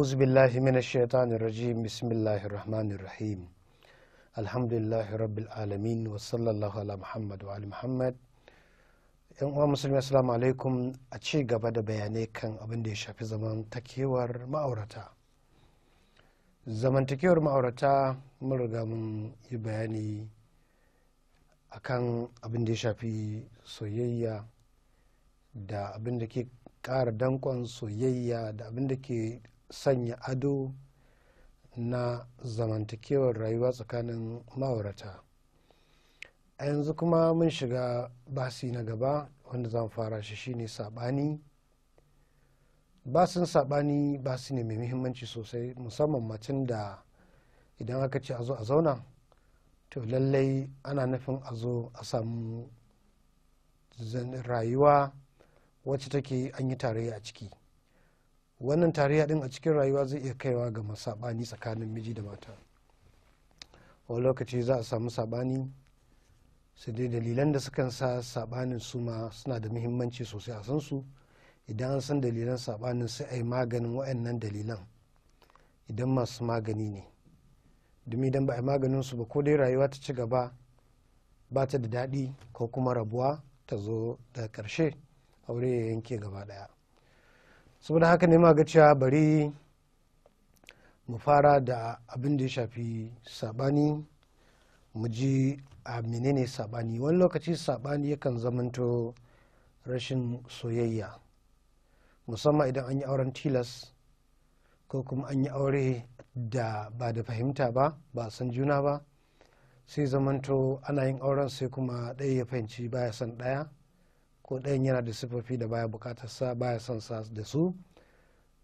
أعوذ بالله من الشيطان الرجيم بسم الله الرحمن الرحيم الحمد لله رب العالمين وصلى الله على محمد وعلى محمد yan uwa musulmi assalamu alaikum a ci gaba da bayanai kan abin da ya shafi zamantakewar ma'aurata zamantakewar ma'aurata mun riga mun yi bayani akan abin da ya shafi soyayya da abin da ke kara dankon soyayya da abin da ke sanya ado na zamantakewar rayuwa tsakanin ma'aurata a yanzu kuma mun shiga basi na gaba wanda zan fara shi shine saɓani basin saɓani basi ne mai muhimmanci sosai musamman macin da idan aka ce a zo a zauna to lallai ana nufin a zo a samu rayuwa wacce take an yi tarayya a ciki wannan tarayya din a cikin rayuwa zai iya kaiwa ga masabani tsakanin miji da mata wani lokaci za a samu sabani su dai dalilan da sukan sa sabanin su ma suna da muhimmanci sosai a san su idan an san dalilan sabanin sai a yi maganin waɗannan dalilan idan masu magani ne domin idan ba a yi maganin su ba ko dai rayuwa ta ci gaba ba ta da daɗi ko kuma rabuwa ta zo da ƙarshe aure ya yanke gaba ɗaya saboda haka ne ma ga cewa bari mu fara da abin da ya shafi saɓani mu ji a menene saɓani wani lokaci sabani yakan zamanto rashin soyayya musamman idan an yi auren tilas ko kuma an yi aure da ba da fahimta ba ba san juna ba sai zamanto ana yin auren sai kuma ɗaya ya fahimci baya son ɗaya ko ɗayan yana da siffofi da baya bukatar sa baya son sa da su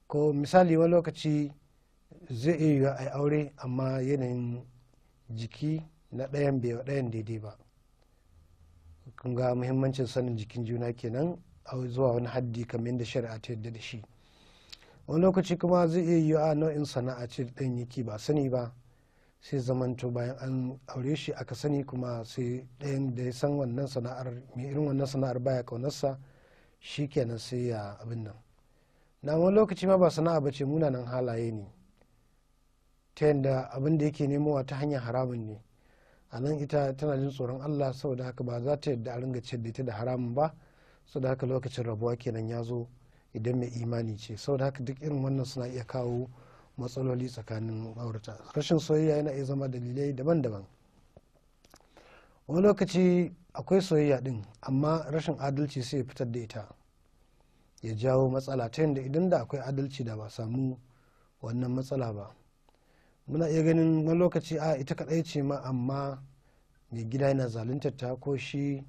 ko misali wani lokaci zai iya yiwuwa a aure amma yanayin jiki na ɗayan bai ɗayan daidai ba kun ga muhimmancin sanin jikin juna kenan zuwa wani haddi kamar yadda shari'a ta yadda da shi wani lokaci kuma zai iya yiwa nau'in sana'a ce ɗan yake ba sani ba sai zamanto bayan an aure shi aka sani kuma sai ɗayan da ya san wannan sana'ar mai irin wannan sana'ar baya kaunarsa shi kenan sai ya abin nan na wani lokaci ma ba sana'a ba ce munanan halaye ne ta yadda abin da yake nemowa ta hanyar haramun ne a nan ita tana jin tsoron allah saboda haka ba za ta yadda a ringa ciyar da ita da haramun ba saboda haka lokacin rabuwa kenan ya zo idan mai imani ce saboda haka duk irin wannan suna iya kawo matsaloli tsakanin aurata rashin soyayya yana iya zama dalilai daban-daban wani lokaci akwai soyayya din amma rashin adalci sai ya fitar da ita ya jawo matsala ta yadda idan da akwai adalci da ba samu wannan matsala ba muna iya ganin wani lokaci a ita kaɗai ce ma amma mai gida yana zaluntar ta ko shi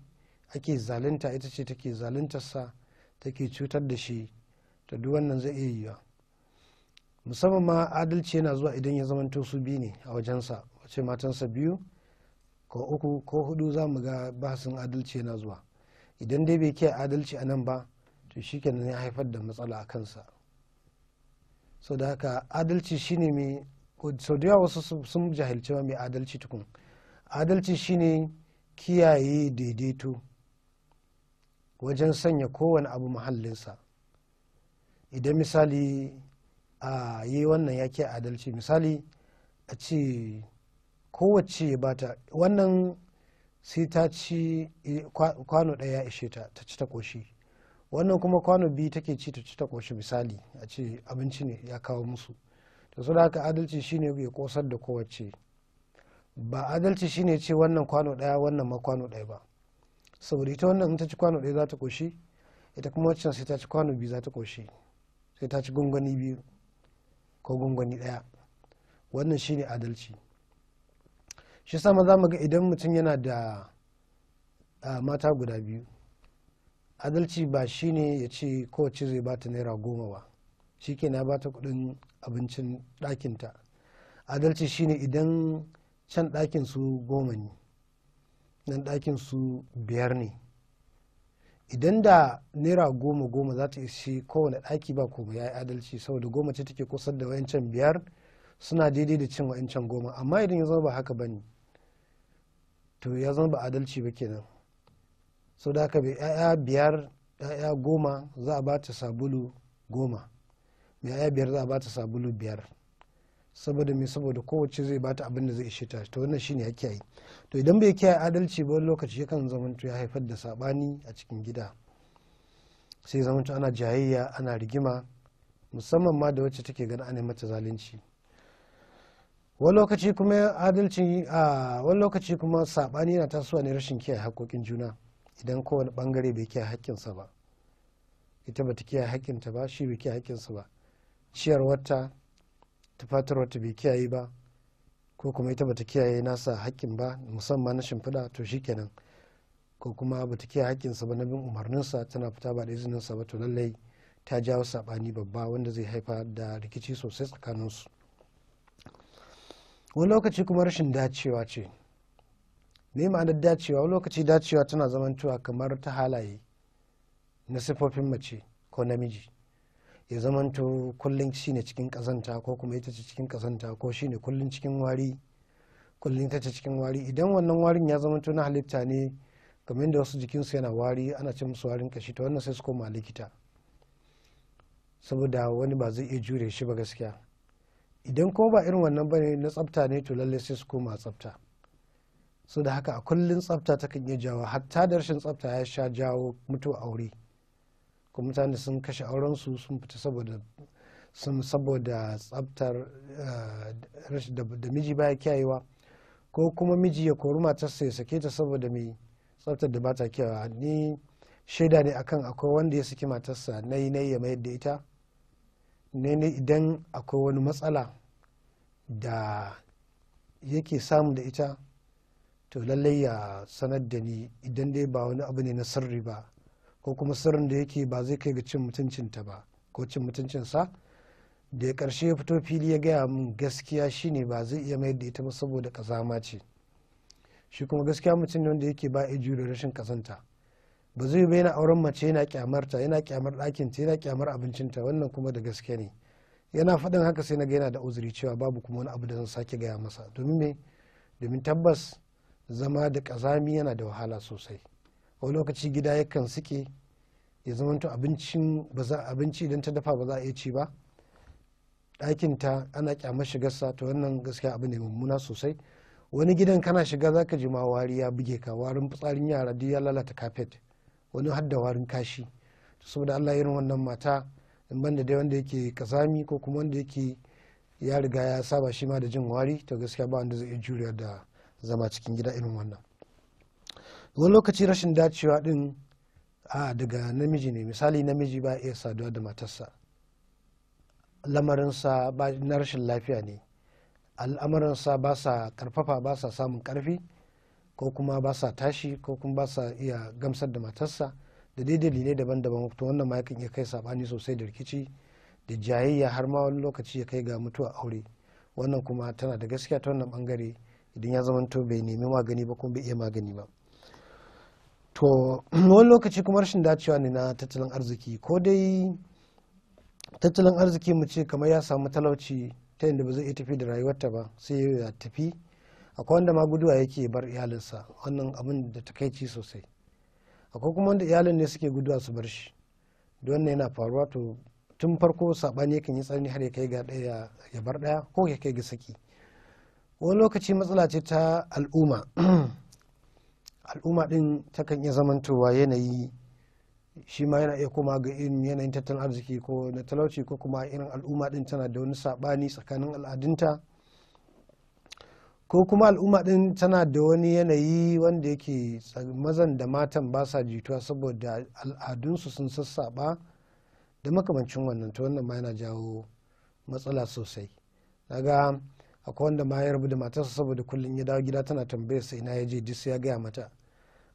ake zalunta ita ce take zaluntarsa take cutar da shi ta duk wannan zai iya yiwa musamman ma adalci yana zuwa idan ya zamanto su biyu ne a wajensa wace matansa biyu ko uku ko hudu za mu ga basin adalci yana zuwa idan dai bai kiyaye adalci a nan ba to shi kenan ya haifar da matsala a kansa sau da haka adalci shine mai sau da yawa wasu sun jahilci ma mai adalci tukun adalci shine kiyaye daidaito wajen sanya kowane abu muhallinsa idan misali a yi wannan yaki adalci misali a ce kowace ya bata wannan sai ta ci e, kwano ɗaya ya ishe ta ta ci ta ƙoshi wannan kuma kwano biyu take ci ta ci ta ƙoshi misali a ce abinci ne ya kawo musu to su haka adalci shine ya kosar da kowace ba adalci shine ce wannan kwano ɗaya wannan ma kwano ɗaya ba saboda ita wannan in ta ci kwano ɗaya za ta ƙoshi ita kuma wacce sai ta ci kwano biyu za ta ƙoshi sai ta ci gungwani biyu ko gwangwani daya wannan shine adalci shi sama za mu ga idan mutum yana da mata guda biyu adalci ba shine ya ce kowace zai ta naira goma ba shi ke na bata kudin abincin ɗakinta adalci shine idan can ɗakin su goma ne nan ɗakin su biyar ne idan da naira goma goma za ta ishi kowane ɗaki ba ko ya yi adalci saboda goma ce take kusan da wayancan biyar suna daidai da cin wayancan goma amma idan ya zama ba haka ba ne to ya zama ba adalci ba kenan sau da haka ya'ya biyar ya'ya goma za a bata sabulu goma mai ya'ya biyar za a bata sabulu biyar saboda me saboda kowace zai bata abin da zai ishe ta to wannan shine ya kiyaye to idan bai kiyaye adalci ba wani lokaci yakan zamanto ya haifar da sabani a cikin gida sai zamanto ana jayayya ana rigima musamman ma da wacce take gani ana mata zalunci wani lokaci kuma adalci a wani lokaci kuma sabani yana tasowa ne rashin kiyaye haƙoƙin juna idan kowane bangare bai kiyaye haƙƙinsa ba ita bata kiyaye haƙƙinta ba shi bai kiyaye haƙƙinsa ba ciyar wata tufatar wata bai kiyaye ba ko kuma ita bata kiyaye nasa haƙƙin ba musamman na shimfiɗa to shikenan ko kuma bata kiyaye haƙƙinsa ba na bin umarninsa tana fita ba da izininsa ba to lallai ta jawo saɓani babba wanda zai haifa da rikici sosai tsakaninsu wani lokaci kuma rashin dacewa ce me ma'anar dacewa wani lokaci dacewa tana zamantowa kamar ta halaye na siffofin mace ko namiji ya zamanto kullum shine cikin kazanta ko kuma ita ce cikin kazanta ko shine kullum cikin wari kullum ita ce cikin wari idan wannan warin ya zamanto na halitta ne kamar da wasu jikinsu yana wari ana ce musu warin kashi ta wannan sai su koma likita saboda wani ba zai iya jure shi ba gaskiya idan kuma ba irin wannan bane na tsafta ne to lallai sai su koma tsafta so da haka a kullum tsafta kan iya jawo hatta da rashin tsafta ya sha jawo mutuwa aure kuma mutane sun kashe aurensu sun fita saboda sun saboda tsabtar eh, da miji baya kiyayewa ko kuma miji ya kori matarsa ya sake ta saboda mai tsabtar da bata kiyayewa ni shaida ne akan akwai wanda ya saki matarsa na yi ya mayar da ita ne ne idan akwai wani matsala da yake samu da ita to lallai ya sanar da ni idan dai ba wani abu ne na sirri ba ko kuma sirrin da yake ba zai kai ga cin mutuncinta ba ko cin mutuncinsa da ya karshe ya fito fili ya gaya mun gaskiya shine ba zai iya mayar da ita ba saboda kazama ce shi kuma gaskiya mutum ne wanda yake ba a da rashin kazanta ba zai bai na auren mace yana kyamarta yana kyamar ɗakinta yana kyamar abincinta wannan kuma da gaske ne yana faɗin haka sai na ga yana da uzuri cewa babu kuma wani abu da zan sake gaya masa domin me domin tabbas zama da kazami yana da wahala sosai wani lokaci gida yakan suke ya zama abinci idan ta dafa ba za a iya ci ba ta ana kyama shigarsa to wannan gaskiya abu ne mummuna sosai wani gidan kana shiga za ka ji ma wari ya buge ka warin fitsarin yara duk ya lalata kafet wani har warin kashi saboda allah irin wannan mata in banda dai wanda yake kazami ko kuma wanda yake ya riga ya saba shi ma da jin wari to gaskiya ba wanda zai iya juriya da zama cikin gida irin wannan wani lokaci rashin dacewa din a daga namiji ne misali namiji ba iya saduwa da matarsa lamarinsa na rashin lafiya ne al'amuransa ba sa karfafa ba sa samun karfi ko kuma ba sa tashi ko kuma ba sa iya gamsar da matarsa da dai dalilai daban-daban to wannan ma yakan iya kai sabani sosai da rikici da jayayya har ma wani lokaci ya kai ga mutuwa aure wannan kuma tana da gaskiya ta wannan bangare idan ya zamanto bai nemi magani ba kuma bai iya magani ba to wani lokaci kuma rashin dacewa ne na tattalin arziki ko dai tattalin arziki mu ce kamar ya samu talauci ta yadda ba zai iya tafi da rayuwarta ba sai ya tafi akwai wanda ma guduwa yake bar iyalinsa wannan abin da takaici sosai akwai kuma wanda iyalin ne suke guduwa su bar shi da wannan yana faruwa to tun farko saɓani yakan yi tsanani har ya kai ga daya ya bar ɗaya ko ya kai ga saki wani lokaci matsala ce ta al'umma al'umma din takan iya zamantowa yanayi shi ma yana iya koma ga irin yanayin tattalin arziki ko na talauci ko kuma irin al'umma din tana da wani saɓani tsakanin al'adunta ko kuma al'umma din tana da wani yanayi wanda yake mazan da matan ba sa jituwa saboda al'adunsu sun sassaɓa da makamancin wannan ta wannan ma yana jawo matsala sosai daga akwai wanda ma ya rabu da matarsa saboda kullum ya dawo gida tana tambayar sai na ya je duk ya gaya mata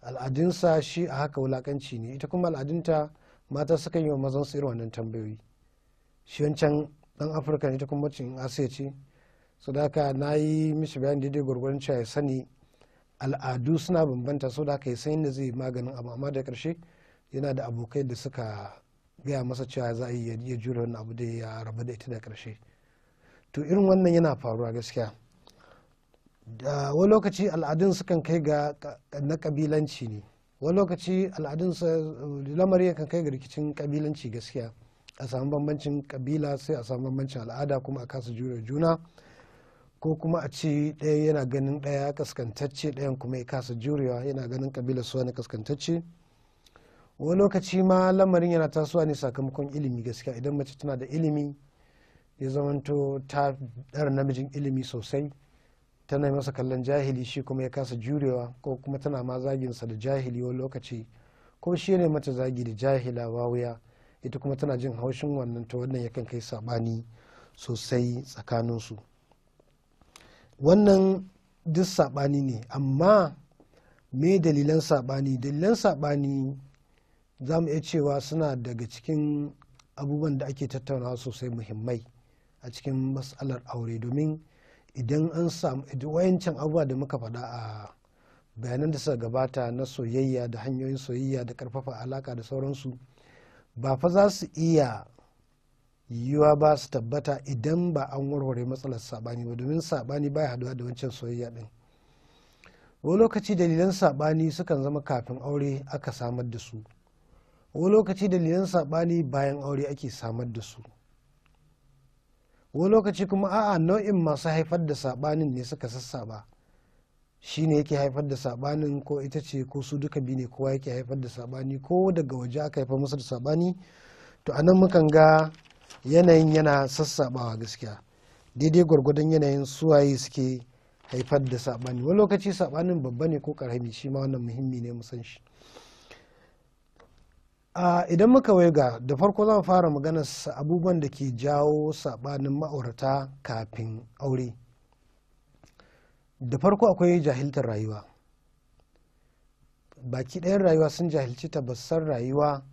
al'adunsa shi a haka wulakanci ne ita kuma al'adunta mata suka yi wa mazan su irin wannan tambayoyi shi wancan dan afirka ne ta kuma cin asiya ce so da haka na yi mishi bayani daidai gwargwaron cewa ya sani al'adu suna bambanta so da haka ya san yadda zai maganin abu amma da karshe yana da abokai da suka gaya masa cewa za a yi ya jure wani abu da ya rabu da ita da karshe to irin wannan yana faruwa gaskiya da wani lokaci al'adun sukan kai ga na kabilanci ne wani lokaci al'adun lamari kan kai ga rikicin kabilanci gaskiya a samu bambancin kabila sai a samu bambancin al'ada kuma a kasa jure juna ko kuma a ce ɗaya yana ganin ɗaya kaskantacce ɗayan kuma ya kasa jurewa yana ganin kabilar su wani kaskantacce wani lokaci ma lamarin yana tasowa ne sakamakon ilimi gaskiya idan mace tana da ilimi ya zamanto ta ɗara namijin ilimi sosai tana masa kallon jahili shi kuma ya kasa jurewa ko kuma tana ma zaginsa da jahili wani lokaci ko shi ne mata zagi da jahila wawuya ita kuma tana jin haushin wannan ta wannan yakan kai sabani sosai tsakaninsu wannan duk sabani ne amma me dalilan sabani dalilan sabani za mu iya cewa suna daga cikin abubuwan da ake tattaunawa sosai muhimmai a cikin matsalar aure domin idan an samu wayancan abubuwa da muka faɗa a bayanan da suka gabata na soyayya da hanyoyin soyayya da karfafa alaka da sauransu ba fa za su iya yiwuwa ba su tabbata idan ba an warware matsalar saɓani ba domin saɓani baya haduwa da wancan soyayya ɗin wani lokaci dalilan saɓani sukan zama kafin aure aka samar da su wani lokaci dalilan saɓani bayan aure ake samar da su wani lokaci kuma a'a nau'in masu haifar da sabanin ne suka sassaba shi ne yake haifar da sabanin ko ita ce ko su duka biyu ne kowa yake haifar da sabani ko daga waje aka haifar musu da sabani to anan mukan ga yanayin yana sassabawa gaskiya daidai gwargwadon yanayin suwaye suke haifar da sabani wani lokaci sabanin babba ne ko karami shi ma wannan muhimmi ne mu san shi idan muka waiga da farko zan fara magana abubuwan da ke jawo sabanin ma'aurata kafin aure da farko akwai jahiltar rayuwa baki ɗayan rayuwa sun jahilci tabbasar rayuwa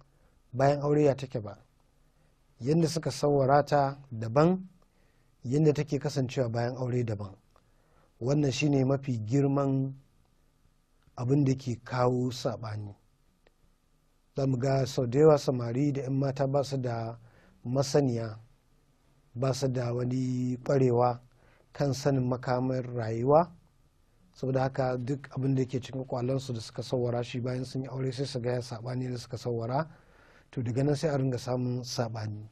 bayan aure ya take ba yadda suka sawara ta daban yadda take kasancewa bayan aure daban wannan shine mafi girman abin da ke kawo saɓani za mu ga sau da yawa samari da 'yan mata ba su da masaniya ba su da wani kwarewa kan sanin makamar rayuwa saboda haka duk abin da ke cikin kwalansu da suka sawara shi bayan sun yi aure sai su gaya sabani da suka sawara to daga nan sai a ringa samun sabani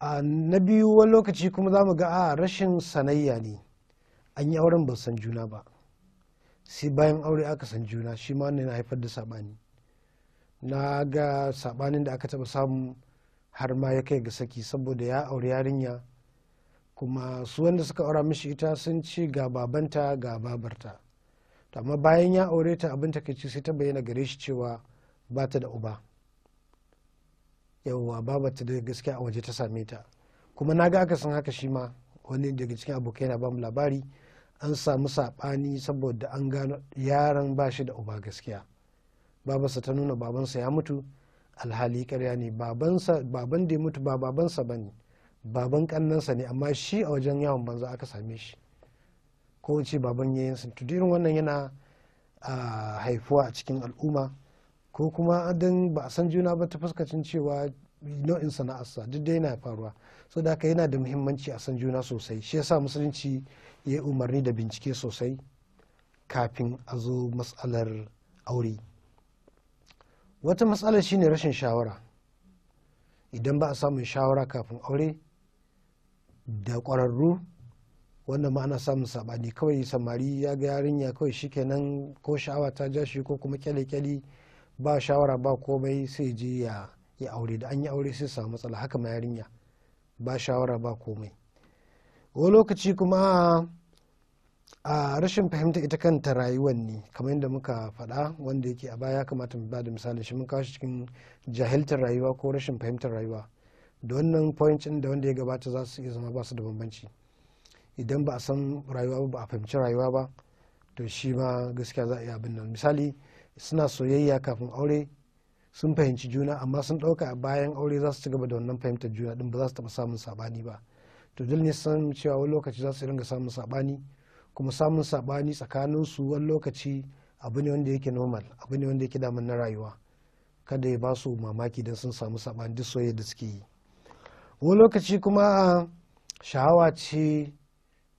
a na biyu wani lokaci kuma za mu ga a rashin sanayya ne an yi auren ba san juna ba sai bayan aure aka san juna shi ma na haifar da saɓani na ga saɓanin da aka taɓa samu har ma ya kai ga saki saboda ya aure yarinya kuma su wanda suka aura mishi ita sun ce ga babanta ga babarta amma bayan ya aure ta abin takaici sai ta bayyana gare shi cewa ba ta da uba yawwa babarta da gaskiya a waje ta same ta kuma na ga aka san haka shi ma wani daga cikin abokai na bamu labari an samu saɓani saboda an gano yaran ba shi da uba gaskiya babansa ta nuna babansa ya mutu alhali karya ne baban da ya mutu ba babansa ba ne baban ƙannansa ne amma shi a wajen yawon banza aka same shi ko ce baban yayin sun irin wannan yana haifuwa a cikin al'umma ko kuma ba a san juna ba ta fuskacin cewa nau'in sana'arsa duk dai yana faruwa so da haka yana da muhimmanci a san juna sosai shi yasa musulunci ya yi umarni da bincike sosai kafin a zo matsalar aure wata matsalar shine rashin shawara idan ba a samun shawara kafin aure da ƙwararru wanda ma ana samun saɓani kawai samari ya ga yarinya kawai shikenan ko sha'awa ta ja shi ko kuma kyale-kyale ba shawara ba komai sai je ya yi aure da an yi aure sai samu matsala haka ma yarinya ba shawara ba komai wani lokaci kuma a rashin fahimta ita kanta rayuwar ne kamar yadda muka faɗa wanda yake a baya kamata mu ba da misali shi mun kawo shi cikin jahiltar rayuwa ko rashin fahimtar rayuwa da wannan point da wanda ya gabata za su iya zama ba su da bambanci idan ba a san rayuwa ba a fahimci rayuwa ba to shi ma gaskiya za a iya abin nan misali suna soyayya kafin aure sun fahimci juna amma sun ɗauka a bayan aure za su ci gaba da wannan fahimtar juna din ba za su taɓa samun saɓani ba to dole ne san cewa wani lokaci za su ringa samun saɓani kuma samun sabani tsakanin su wani lokaci abu ne wanda yake normal abu ne wanda yake daman na rayuwa kada ya ba su mamaki don sun samu sabani duk soyayya da suke yi wani lokaci kuma ah, sha'awa ce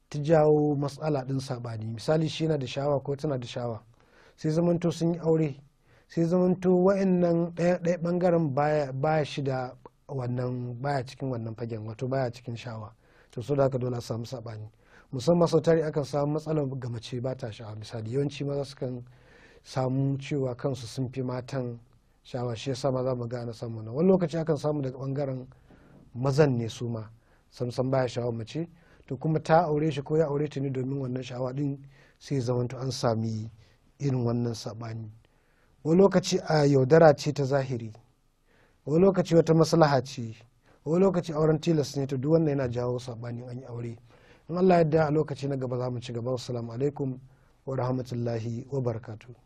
ta jawo matsala din sabani misali shi yana da sha'awa ko tana da sha'awa sai zamanto sun yi aure sai zamanto wa'annan ɗaya bangaren baya shi da wannan baya cikin wannan fagen wato baya cikin sha'awa to so da haka dole a samu sabani musamman sau tari akan samu matsalar ga mace ba ta sha'awa misali yawanci maza sukan samu cewa kansu sun fi matan sha'awa shi yasa maza mu gane samu wani lokaci akan samu daga bangaren mazan ne su ma samsan baya sha'awa mace to kuma ta aure shi ko ya aure ta ne domin wannan sha'awa din sai zamanto an sami irin wannan sabani wani lokaci a yaudara ce ta zahiri wani lokaci wata maslaha ce wani lokaci auren tilas ne to duk wannan yana jawo sabanin an yi aure in allah yadda a lokaci na gaba za mu ci gaba assalamu alaikum wa rahmatullahi wa barakatuh